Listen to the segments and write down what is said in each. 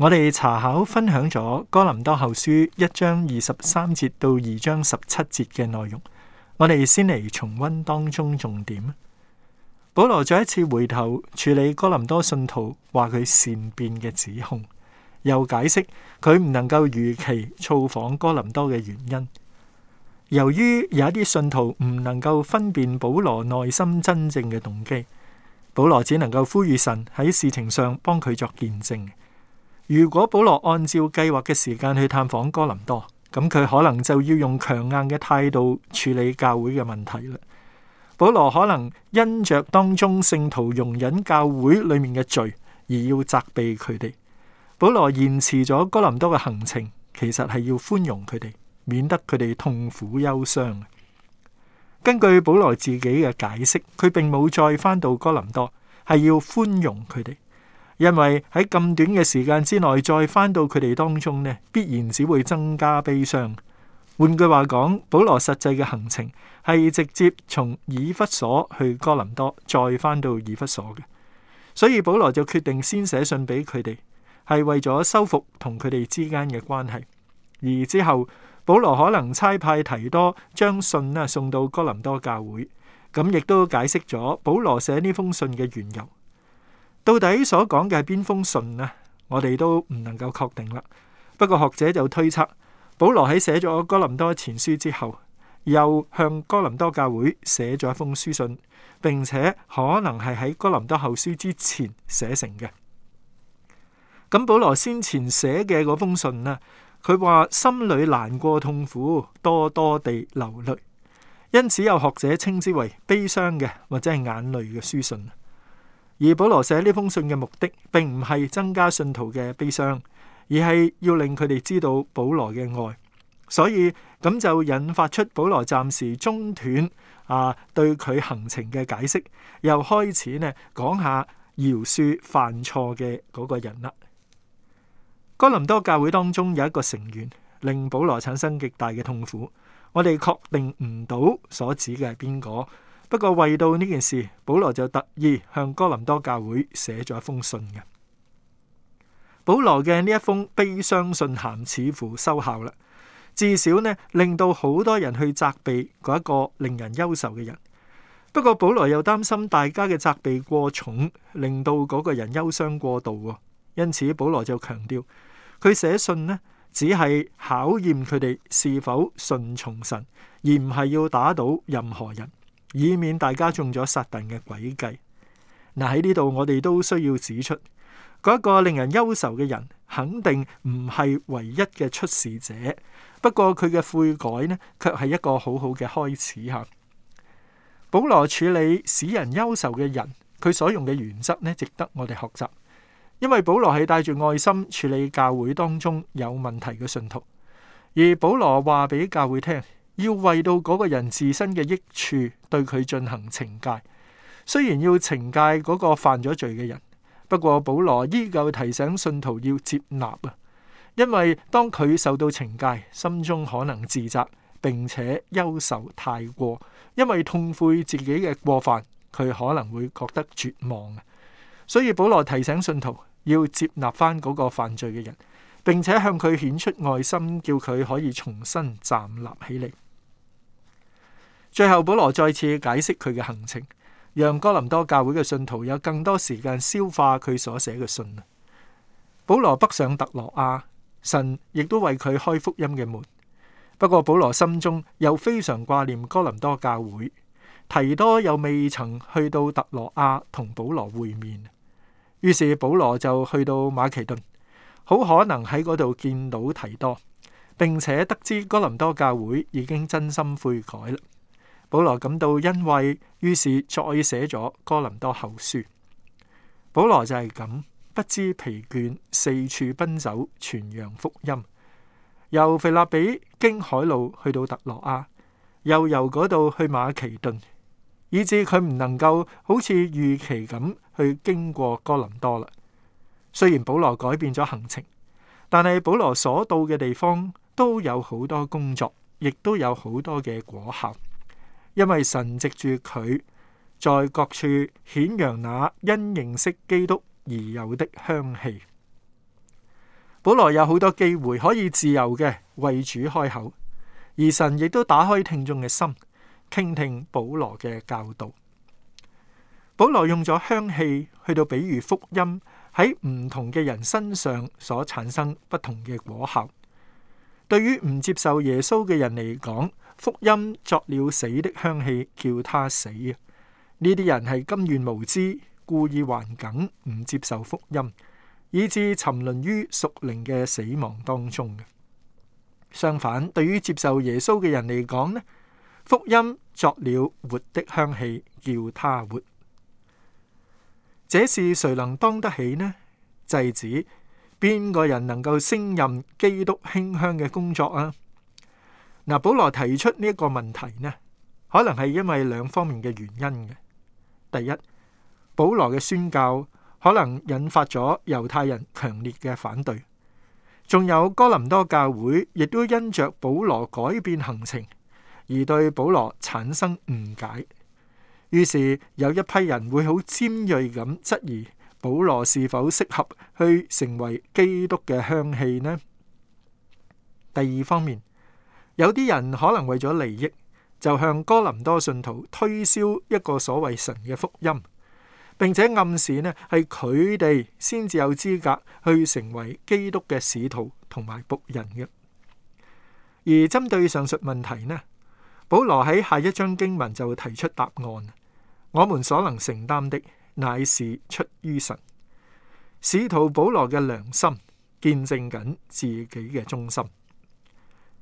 我哋查考分享咗《哥林多後書》一章二十三節到二章十七節嘅內容。我哋先嚟重溫當中重點。保羅再一次回頭處理哥林多信徒話佢善變嘅指控，又解釋佢唔能夠如期造訪哥林多嘅原因。由於有一啲信徒唔能夠分辨保羅內心真正嘅動機，保羅只能夠呼籲神喺事情上幫佢作見證。如果保羅按照計劃嘅時間去探訪哥林多，咁佢可能就要用強硬嘅態度處理教會嘅問題啦。保羅可能因着當中聖徒容忍教會裏面嘅罪而要責備佢哋。保羅延遲咗哥林多嘅行程，其實係要寬容佢哋，免得佢哋痛苦憂傷。根據保羅自己嘅解釋，佢並冇再返到哥林多，係要寬容佢哋。因為喺咁短嘅時間之內再翻到佢哋當中呢，必然只會增加悲傷。換句話講，保羅實際嘅行程係直接從以弗所去哥林多，再翻到以弗所嘅。所以保羅就決定先寫信俾佢哋，係為咗修復同佢哋之間嘅關係。而之後保羅可能差派提多將信啊送到哥林多教會，咁亦都解釋咗保羅寫呢封信嘅緣由。到底所講嘅係邊封信呢？我哋都唔能夠確定啦。不過學者就推測，保羅喺寫咗哥林多前書之後，又向哥林多教會寫咗一封書信，並且可能係喺哥林多後書之前寫成嘅。咁保羅先前寫嘅嗰封信呢？佢話心裡難過痛苦，多多地流淚，因此有學者稱之為悲傷嘅或者係眼淚嘅書信。而保羅寫呢封信嘅目的，並唔係增加信徒嘅悲傷，而係要令佢哋知道保羅嘅愛。所以咁就引發出保羅暫時中斷啊對佢行程嘅解釋，又開始呢講下饒恕犯錯嘅嗰個人啦。哥林多教會當中有一個成員令保羅產生極大嘅痛苦，我哋確定唔到所指嘅係邊個。不過為到呢件事，保羅就特意向哥林多教會寫咗一封信嘅。保羅嘅呢一封悲傷信函似乎收效啦，至少呢令到好多人去責備嗰一個令人憂愁嘅人。不過保羅又擔心大家嘅責備過重，令到嗰個人憂傷過度。因此保羅就強調，佢寫信呢只係考驗佢哋是否順從神，而唔係要打倒任何人。以免大家中咗撒旦嘅詭計。嗱，喺呢度，我哋都需要指出，嗰一個令人憂愁嘅人，肯定唔係唯一嘅出事者。不過佢嘅悔改呢，卻係一個好好嘅開始哈。保羅處理使人憂愁嘅人，佢所用嘅原則呢，值得我哋學習。因為保羅係帶住愛心處理教會當中有問題嘅信徒，而保羅話俾教會聽。要為到嗰個人自身嘅益處，對佢進行懲戒。雖然要懲戒嗰個犯咗罪嘅人，不過保羅依舊提醒信徒要接納啊，因為當佢受到懲戒，心中可能自責，並且憂愁太過，因為痛悔自己嘅過犯，佢可能會覺得絕望啊。所以保羅提醒信徒要接納翻嗰個犯罪嘅人，並且向佢顯出愛心，叫佢可以重新站立起嚟。最後，保羅再次解釋佢嘅行程，讓哥林多教會嘅信徒有更多時間消化佢所寫嘅信。保羅北上特羅亞，神亦都為佢開福音嘅門。不過，保羅心中又非常掛念哥林多教會，提多又未曾去到特羅亞同保羅會面，於是保羅就去到馬其頓，好可能喺嗰度見到提多，並且得知哥林多教會已經真心悔改啦。保羅感到欣慰，於是再寫咗哥林多後書。保羅就係咁不知疲倦，四處奔走，傳揚福音。由腓立比經海路去到特洛亞，又由嗰度去馬其頓，以致佢唔能夠好似預期咁去經過哥林多啦。雖然保羅改變咗行程，但係保羅所到嘅地方都有好多工作，亦都有好多嘅果效。因為神藉住佢，在各處顯揚那因認識基督而有的香氣。保羅有好多機會可以自由嘅為主開口，而神亦都打開聽眾嘅心，傾聽保羅嘅教導。保羅用咗香氣去到比喻福音喺唔同嘅人身上所產生不同嘅果效。對於唔接受耶穌嘅人嚟講，福音作了死的香氣，叫他死啊！呢啲人係甘願無知，故意頑梗唔接受福音，以致沉淪於屬靈嘅死亡當中嘅。相反，對於接受耶穌嘅人嚟講呢，福音作了活的香氣，叫他活。這是誰能當得起呢？祭子，邊個人能夠升任基督馨香嘅工作啊？嗱，保羅提出呢一個問題呢，可能係因為兩方面嘅原因嘅。第一，保羅嘅宣教可能引發咗猶太人強烈嘅反對，仲有哥林多教會亦都因着保羅改變行程而對保羅產生誤解，於是有一批人會好尖銳咁質疑保羅是否適合去成為基督嘅香氣呢？第二方面。有啲人可能為咗利益，就向哥林多信徒推銷一個所謂神嘅福音，並且暗示呢係佢哋先至有資格去成為基督嘅使徒同埋僕人嘅。而針對上述問題呢，保羅喺下一章經文就會提出答案：我們所能承擔的乃是出於神。使徒保羅嘅良心見證緊自己嘅忠心。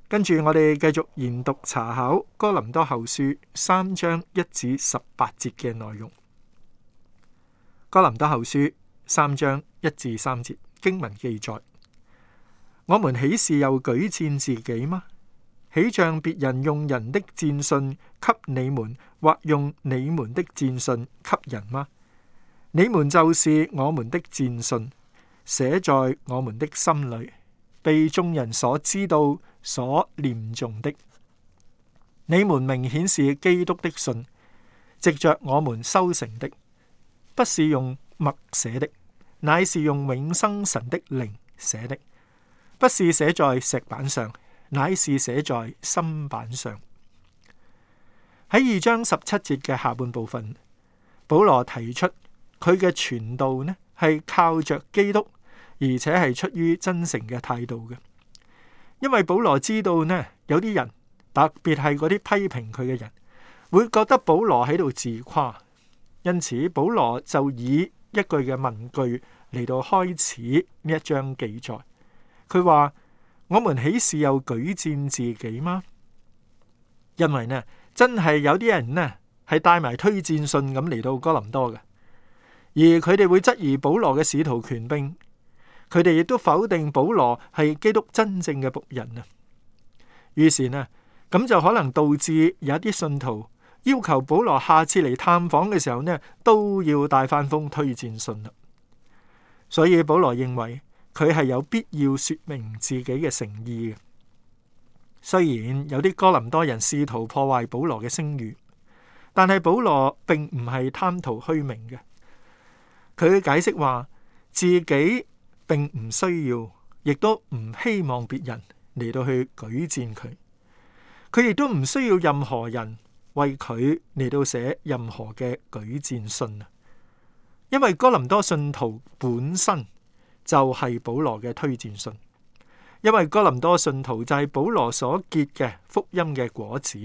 跟住我哋繼續研讀查考哥林多書三章容《哥林多後書》三章一至十八節嘅內容。《哥林多後書》三章一至三節經文記載：我們豈是又舉薦自己嗎？豈像別人用人的薦信給你們，或用你們的薦信給人嗎？你們就是我們的薦信，寫在我們的心裏。被眾人所知道、所念誦的，你們明顯是基督的信，藉着我們修成的，不是用墨寫的，乃是用永生神的靈寫的，不是寫在石板上，乃是寫在心板上。喺二章十七節嘅下半部分，保羅提出佢嘅傳道呢係靠着基督。而且係出於真誠嘅態度嘅，因為保羅知道呢有啲人，特別係嗰啲批評佢嘅人，會覺得保羅喺度自誇。因此，保羅就以一句嘅文句嚟到開始呢一章記載。佢話：我們豈是又舉薦自己嗎？因為呢真係有啲人呢係帶埋推薦信咁嚟到哥林多嘅，而佢哋會質疑保羅嘅使徒權柄。佢哋亦都否定保羅係基督真正嘅僕人啊。於是呢，咁就可能導致有一啲信徒要求保羅下次嚟探訪嘅時候呢，都要帶翻封推薦信啦。所以保羅認為佢係有必要說明自己嘅誠意嘅。雖然有啲哥林多人試圖破壞保羅嘅聲譽，但係保羅並唔係貪圖虛名嘅。佢解釋話自己。並唔需要，亦都唔希望別人嚟到去舉薦佢。佢亦都唔需要任何人為佢嚟到寫任何嘅舉薦信啊。因為哥林多信徒本身就係保羅嘅推薦信，因為哥林多信徒就係保羅所結嘅福音嘅果子。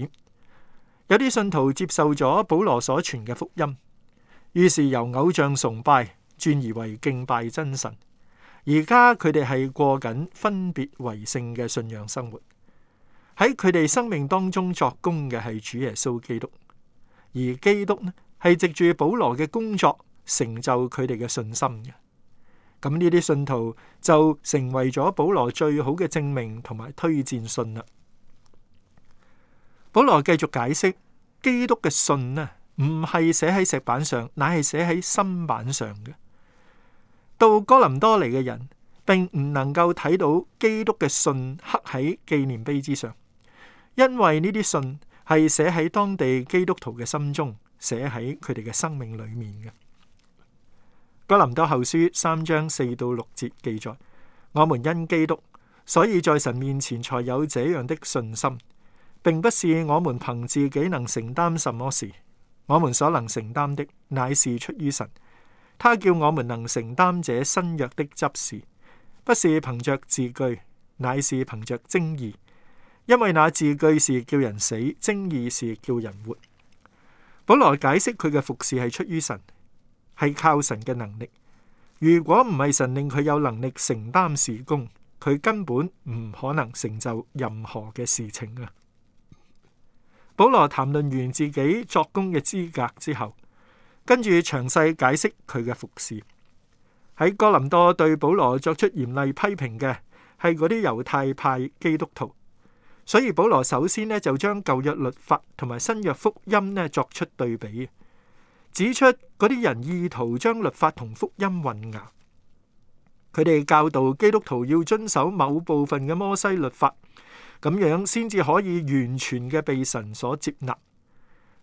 有啲信徒接受咗保羅所傳嘅福音，於是由偶像崇拜轉而為敬拜真神。而家佢哋係過緊分別為聖嘅信仰生活，喺佢哋生命當中作工嘅係主耶穌基督，而基督呢係藉住保羅嘅工作成就佢哋嘅信心嘅。咁呢啲信徒就成為咗保羅最好嘅證明同埋推薦信啦。保羅繼續解釋，基督嘅信呢唔係寫喺石板上，乃係寫喺心板上嘅。到哥林多嚟嘅人，並唔能夠睇到基督嘅信刻喺紀念碑之上，因為呢啲信係寫喺當地基督徒嘅心中，寫喺佢哋嘅生命裏面嘅。哥林多後書三章四到六節記載：我們因基督，所以在神面前才有這樣的信心，並不是我們憑自己能承擔什麼事，我們所能承擔的乃是出於神。他叫我們能承擔這新約的執事，不是憑着字句，乃是憑着精意。因為那字句是叫人死，精意是叫人活。保羅解釋佢嘅服侍係出於神，係靠神嘅能力。如果唔係神令佢有能力承擔事工，佢根本唔可能成就任何嘅事情啊！保羅談論完自己作工嘅資格之後，跟住詳細解釋佢嘅服侍。喺哥林多對保羅作出嚴厲批評嘅係嗰啲猶太派基督徒，所以保羅首先呢，就將舊約律法同埋新約福音呢作出對比，指出嗰啲人意圖將律法同福音混淆，佢哋教導基督徒要遵守某部分嘅摩西律法，咁樣先至可以完全嘅被神所接納。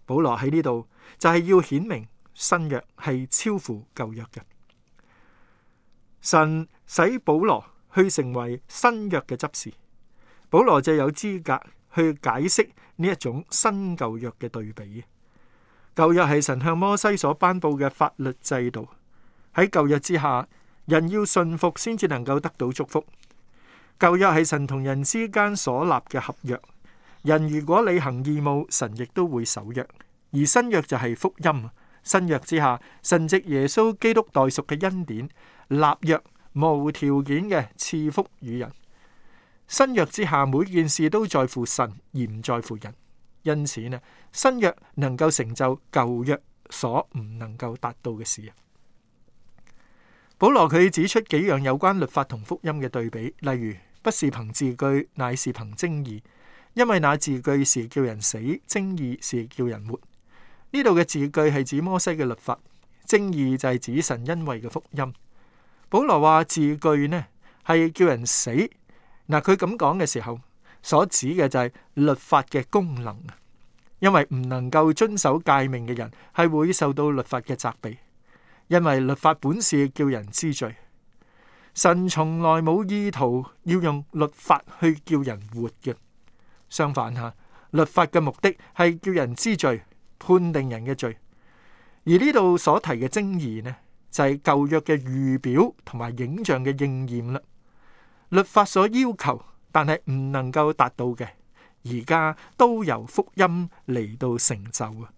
保羅喺呢度就係要顯明。新約係超乎舊約嘅，神使保羅去成為新約嘅執事，保羅就有資格去解釋呢一種新舊約嘅對比。舊約係神向摩西所頒佈嘅法律制度，喺舊約之下，人要信服先至能夠得到祝福。舊約係神同人之間所立嘅合約，人如果履行義務，神亦都會守約。而新約就係福音。新約之下，神藉耶穌基督代贖嘅恩典，立約無條件嘅賜福與人。新約之下，每件事都在乎神而唔在乎人，因此呢，新約能夠成就舊約所唔能夠達到嘅事。保羅佢指出幾樣有關律法同福音嘅對比，例如不是憑字句，乃是憑精義，因為那字句是叫人死，精義是叫人活。呢度嘅字句係指摩西嘅律法，正義就係指神恩惠嘅福音。保羅話字句呢係叫人死，嗱，佢咁講嘅時候所指嘅就係律法嘅功能，因為唔能夠遵守誡命嘅人係會受到律法嘅責備，因為律法本是叫人知罪。神從來冇意圖要用律法去叫人活嘅，相反吓，律法嘅目的係叫人知罪。判定人嘅罪，而呢度所提嘅爭議呢，就係舊約嘅預表同埋影像嘅應驗啦。律法所要求，但係唔能夠達到嘅，而家都由福音嚟到成就啊！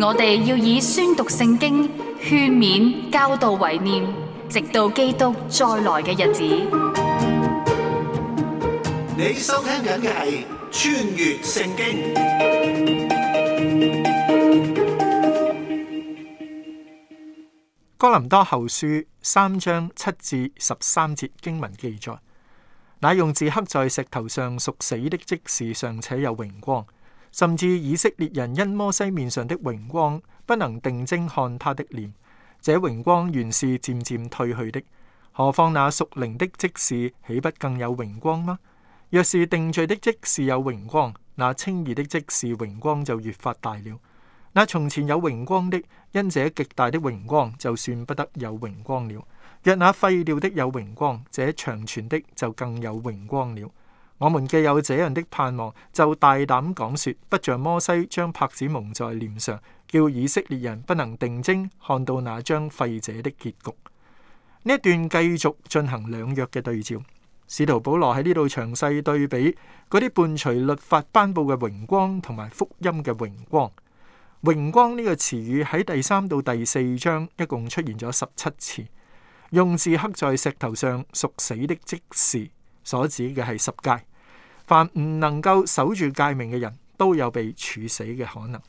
我哋要以宣讀聖經、勸勉、教導為念，直到基督再來嘅日子。你收聽緊嘅係穿越聖經。哥林多後書三章七至十三節經文記載，那用字刻在石頭上，屬死的職事，尚且有榮光；甚至以色列人因摩西面上的榮光，不能定睛看他的臉。這榮光原是漸漸退去的。何況那屬靈的職事，豈不更有榮光嗎？若是定罪的職事有榮光，那稱義的職事榮光就越發大了。那從前有榮光的。因這極大的榮光，就算不得有榮光了；若那廢掉的有榮光，這長存的就更有榮光了。我們既有這樣的盼望，就大膽講說，不像摩西將帕子蒙在臉上，叫以色列人不能定睛看到那張廢者的結局。呢一段繼續進行兩約嘅對照，使徒保羅喺呢度詳細對比嗰啲伴隨律法頒布嘅榮光同埋福音嘅榮光。榮光呢個詞語喺第三到第四章一共出現咗十七次。用字刻在石頭上，屬死的，即時所指嘅係十誡。凡唔能夠守住誡命嘅人都有被處死嘅可能。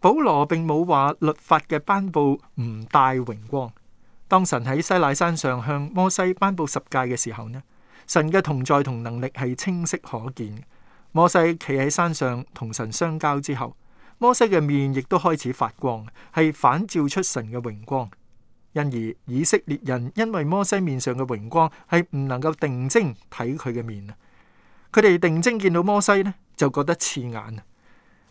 保羅並冇話律法嘅頒布唔帶榮光。當神喺西奈山上向摩西頒布十誡嘅時候呢，神嘅同在同能力係清晰可見。摩西企喺山上同神相交之後。摩西嘅面亦都開始發光，係反照出神嘅榮光。因而以色列人因為摩西面上嘅榮光係唔能夠定睛睇佢嘅面啊！佢哋定睛見到摩西呢，就覺得刺眼。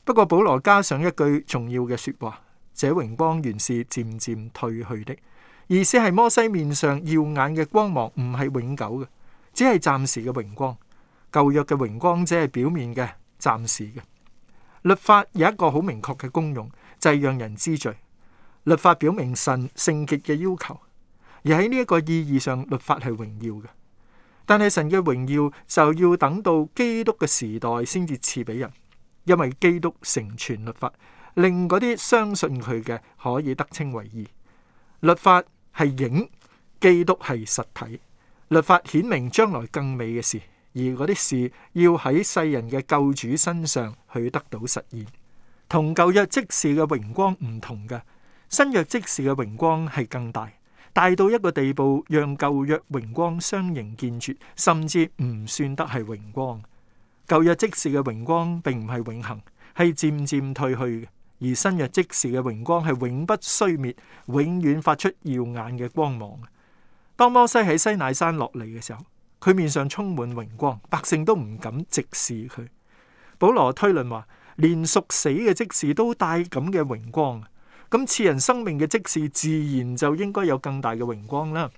不過保羅加上一句重要嘅說話：這榮光原是漸漸退去的，意思係摩西面上耀眼嘅光芒唔係永久嘅，只係暫時嘅榮光。舊約嘅榮光只係表面嘅、暫時嘅。律法有一個好明確嘅功用，就係、是、讓人知罪。律法表明神聖潔嘅要求，而喺呢一個意義上，律法係榮耀嘅。但係神嘅榮耀就要等到基督嘅時代先至賜俾人，因為基督成全律法，令嗰啲相信佢嘅可以得稱為義。律法係影，基督係實體。律法顯明將來更美嘅事。而嗰啲事要喺世人嘅救主身上，去得到實現，同舊約即時嘅榮光唔同嘅。新約即時嘅榮光係更大，大到一個地步，讓舊約榮光相形見絀，甚至唔算得係榮光。舊約即時嘅榮光並唔係永恒，係漸漸褪去，而新約即時嘅榮光係永不衰滅，永遠發出耀眼嘅光芒。當摩西喺西乃山落嚟嘅時候。佢面上充滿榮光，百姓都唔敢直視佢。保羅推論話，連屬死嘅職事都帶咁嘅榮光，咁賜人生命嘅職事自然就應該有更大嘅榮光啦。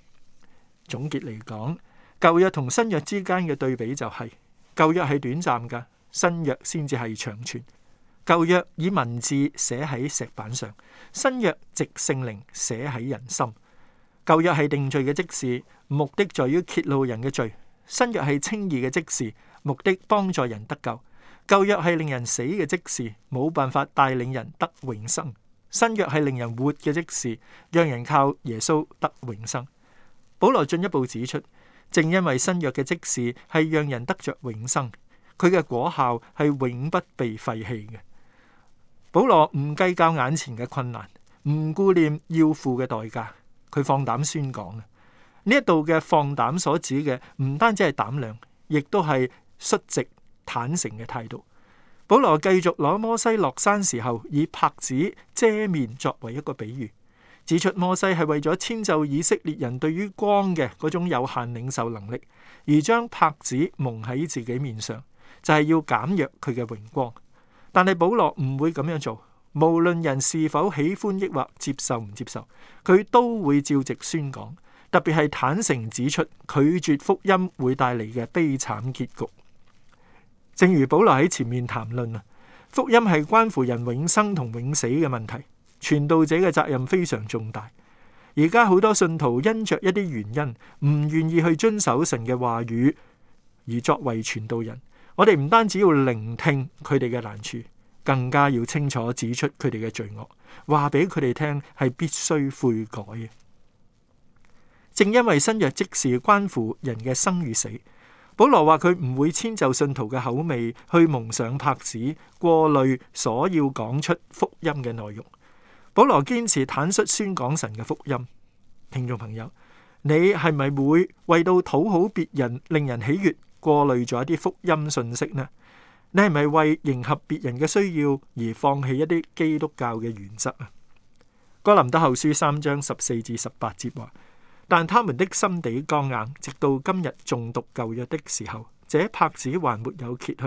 總結嚟講，舊約同新約之間嘅對比就係，是，舊約係短暫噶，新約先至係長存。舊約以文字寫喺石板上，新約藉聖靈寫喺人心。舊約係定罪嘅職事，目的在於揭露人嘅罪；新約係稱義嘅職事，目的幫助人得救。舊約係令人死嘅職事，冇辦法帶領人得永生；新約係令人活嘅職事，讓人靠耶穌得永生。保羅進一步指出，正因為新約嘅職事係讓人得着永生，佢嘅果效係永不被廢棄嘅。保羅唔計較眼前嘅困難，唔顧念要付嘅代價。佢放膽宣講，呢一度嘅放膽所指嘅唔單止係膽量，亦都係率直坦誠嘅態度。保羅繼續攞摩西落山時候以帕子遮面作為一個比喻，指出摩西係為咗遷就以色列人對於光嘅嗰種有限領受能力，而將帕子蒙喺自己面上，就係要減弱佢嘅榮光。但係保羅唔會咁樣做。無論人是否喜歡抑或接受唔接受，佢都會照直宣講，特別係坦誠指出拒絕福音會帶嚟嘅悲慘結局。正如保羅喺前面談論啊，福音係關乎人永生同永死嘅問題，傳道者嘅責任非常重大。而家好多信徒因着一啲原因唔願意去遵守神嘅話語，而作為傳道人，我哋唔單止要聆聽佢哋嘅難處。更加要清楚指出佢哋嘅罪惡，話俾佢哋聽係必須悔改嘅。正因為新約即時關乎人嘅生與死，保羅話佢唔會遷就信徒嘅口味去蒙上帕子過濾所要講出福音嘅內容。保羅堅持坦率宣講神嘅福音。聽眾朋友，你係咪會為到討好別人、令人喜悅，過濾咗一啲福音信息呢？你係咪為迎合別人嘅需要而放棄一啲基督教嘅原則啊？哥林多後書三章十四至十八節話：但他們的心地剛硬，直到今日誦讀舊約的時候，這帕子還沒有揭去；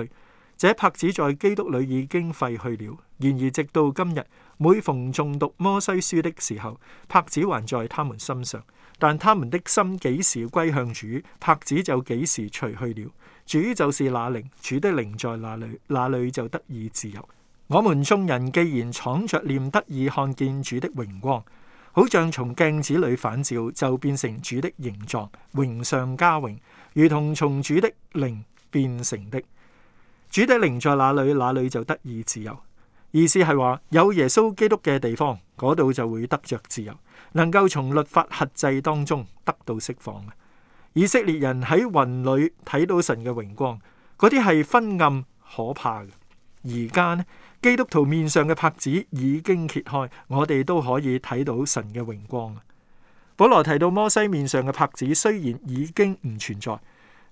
這帕子在基督裏已經廢去了。然而直到今日，每逢誦讀摩西書的時候，帕子還在他們心上。但他們的心幾時歸向主，帕子就幾時除去了。主就是那靈，主的靈在哪裏，哪裏就得以自由。我們眾人既然敞着臉得以看見主的榮光，好像從鏡子裏反照，就變成主的形狀，榮上加榮，如同從主的靈變成的。主的靈在哪裏，哪裏就得以自由。意思係話，有耶穌基督嘅地方，嗰度就會得着自由，能夠從律法限制當中得到釋放。以色列人喺雲裏睇到神嘅榮光，嗰啲係昏暗可怕嘅。而家呢，基督徒面上嘅帕子已經揭開，我哋都可以睇到神嘅榮光。保羅提到摩西面上嘅帕子雖然已經唔存在，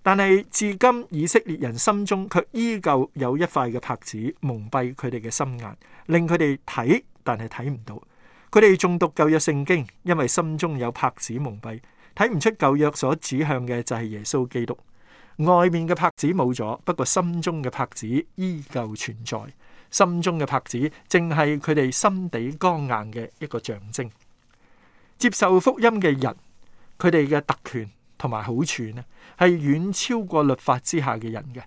但係至今以色列人心中卻依舊有一塊嘅帕子蒙蔽佢哋嘅心眼，令佢哋睇但係睇唔到。佢哋誦讀舊約聖經，因為心中有帕子蒙蔽。睇唔出舊約所指向嘅，就係耶穌基督，外面嘅帕子冇咗，不過心中嘅帕子依舊存在。心中嘅帕子正係佢哋心底剛硬嘅一個象徵。接受福音嘅人，佢哋嘅特權同埋好處呢，係遠超過律法之下嘅人嘅，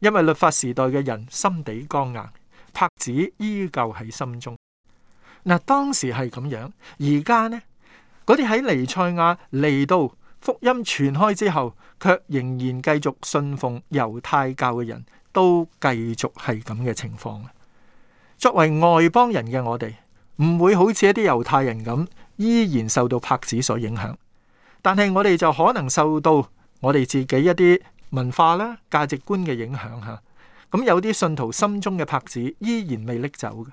因為律法時代嘅人心地剛硬，帕子依舊喺心中。嗱，當時係咁樣，而家呢？嗰啲喺尼塞亞嚟，到福音傳開之後，卻仍然繼續信奉猶太教嘅人都繼續係咁嘅情況。作為外邦人嘅我哋，唔會好似一啲猶太人咁，依然受到帕子所影響。但係我哋就可能受到我哋自己一啲文化啦、價值觀嘅影響吓。咁、啊、有啲信徒心中嘅帕子依然未拎走嘅，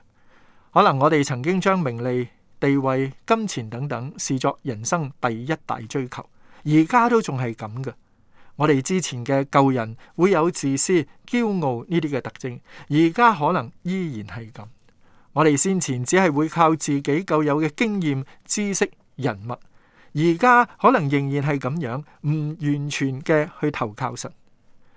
可能我哋曾經將名利。地位、金錢等等，視作人生第一大追求。而家都仲係咁嘅。我哋之前嘅舊人會有自私、驕傲呢啲嘅特徵，而家可能依然係咁。我哋先前只係會靠自己舊有嘅經驗、知識、人物，而家可能仍然係咁樣，唔完全嘅去投靠神。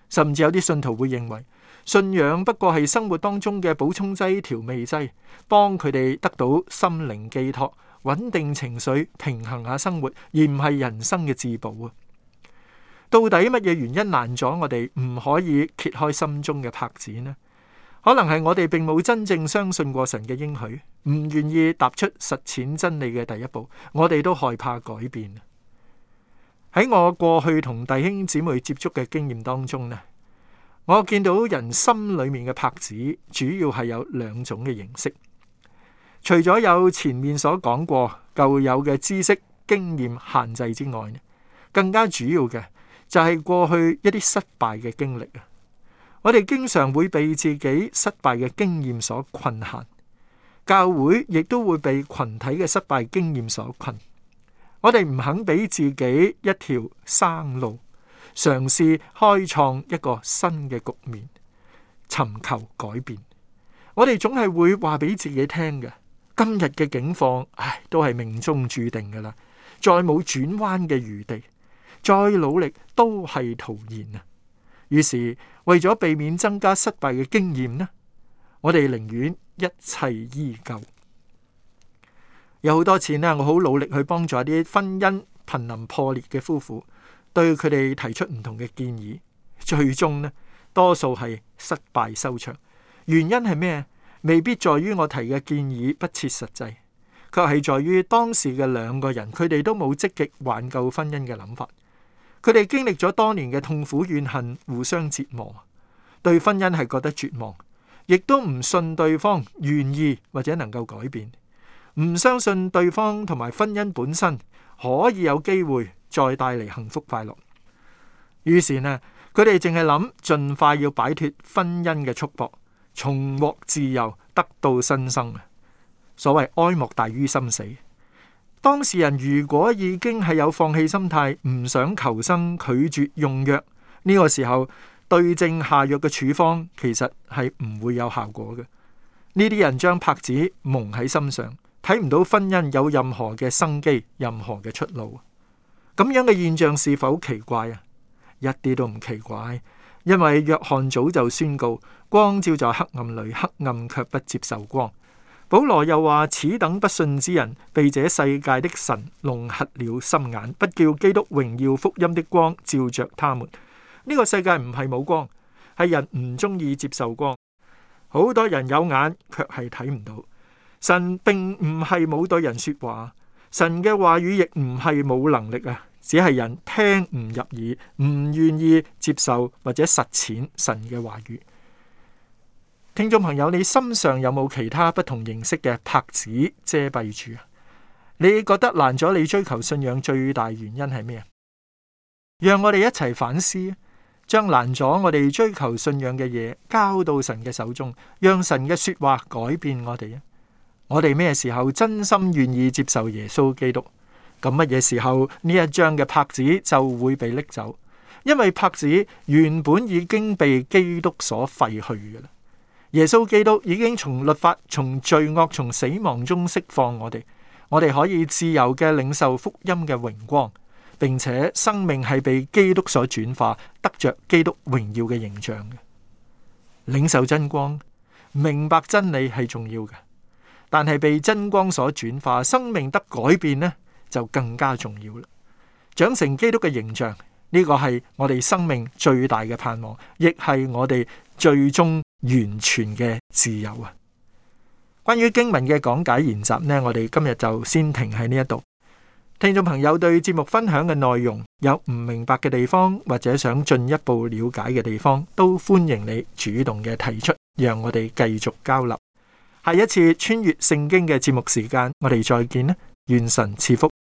甚至有啲信徒會認為，信仰不過係生活當中嘅補充劑、調味劑，幫佢哋得到心靈寄託、穩定情緒、平衡下生活，而唔係人生嘅自保啊！到底乜嘢原因難阻我哋唔可以揭開心中嘅拍子呢？可能係我哋並冇真正相信過神嘅應許，唔願意踏出實踐真理嘅第一步，我哋都害怕改變。喺我過去同弟兄姊妹接觸嘅經驗當中呢，我見到人心裏面嘅拍子，主要係有兩種嘅形式。除咗有前面所講過舊有嘅知識經驗限制之外，呢更加主要嘅就係過去一啲失敗嘅經歷啊！我哋經常會被自己失敗嘅經驗所困限，教會亦都會被群體嘅失敗經驗所困。我哋唔肯俾自己一條生路。嘗試開創一個新嘅局面，尋求改變。我哋總係會話俾自己聽嘅，今日嘅境況，唉，都係命中注定噶啦，再冇轉彎嘅餘地，再努力都係徒然啊。於是為咗避免增加失敗嘅經驗呢，我哋寧願一切依舊。有好多次呢，我好努力去幫助一啲婚姻瀕臨破裂嘅夫婦。對佢哋提出唔同嘅建議，最終呢，多數係失敗收場。原因係咩？未必在於我提嘅建議不切實際，卻係在於當時嘅兩個人，佢哋都冇積極挽救婚姻嘅諗法。佢哋經歷咗多年嘅痛苦怨恨，互相折磨，對婚姻係覺得絕望，亦都唔信對方願意或者能夠改變，唔相信對方同埋婚姻本身可以有機會。再帶嚟幸福快樂。於是呢，佢哋淨係諗盡快要擺脫婚姻嘅束縛，重獲自由，得到新生。所謂哀莫大於心死。當事人如果已經係有放棄心態，唔想求生，拒絕用藥，呢個時候，對症下藥嘅處方其實係唔會有效果嘅。呢啲人將拍子蒙喺心上，睇唔到婚姻有任何嘅生機，任何嘅出路。咁樣嘅現象是否奇怪啊？一啲都唔奇怪，因為約翰早就宣告，光照在黑暗裏，黑暗卻不接受光。保羅又話，此等不信之人，被這世界的神弄瞎了心眼，不叫基督榮耀福音的光照着他們。呢個世界唔係冇光，係人唔中意接受光。好多人有眼卻係睇唔到。神並唔係冇對人說話，神嘅話語亦唔係冇能力啊。只係人聽唔入耳，唔願意接受或者實踐神嘅話語。聽眾朋友，你心上有冇其他不同形式嘅拍子遮蔽住啊？你覺得難咗你追求信仰最大原因係咩啊？讓我哋一齊反思，將難咗我哋追求信仰嘅嘢交到神嘅手中，讓神嘅說話改變我哋啊！我哋咩時候真心願意接受耶穌基督？咁乜嘢時候呢一張嘅拍子就會被拎走？因為拍子原本已經被基督所廢去嘅啦。耶穌基督已經從律法、從罪惡、從死亡中釋放我哋，我哋可以自由嘅領受福音嘅榮光，並且生命係被基督所轉化，得着基督榮耀嘅形象嘅。領受真光，明白真理係重要嘅，但係被真光所轉化，生命得改變呢？就更加重要啦！長成基督嘅形象，呢個係我哋生命最大嘅盼望，亦係我哋最終完全嘅自由啊！關於經文嘅講解研習呢，我哋今日就先停喺呢一度。聽眾朋友對節目分享嘅內容有唔明白嘅地方，或者想進一步了解嘅地方，都歡迎你主動嘅提出，讓我哋繼續交流。下一次穿越聖經嘅節目時間，我哋再見啦！願神賜福。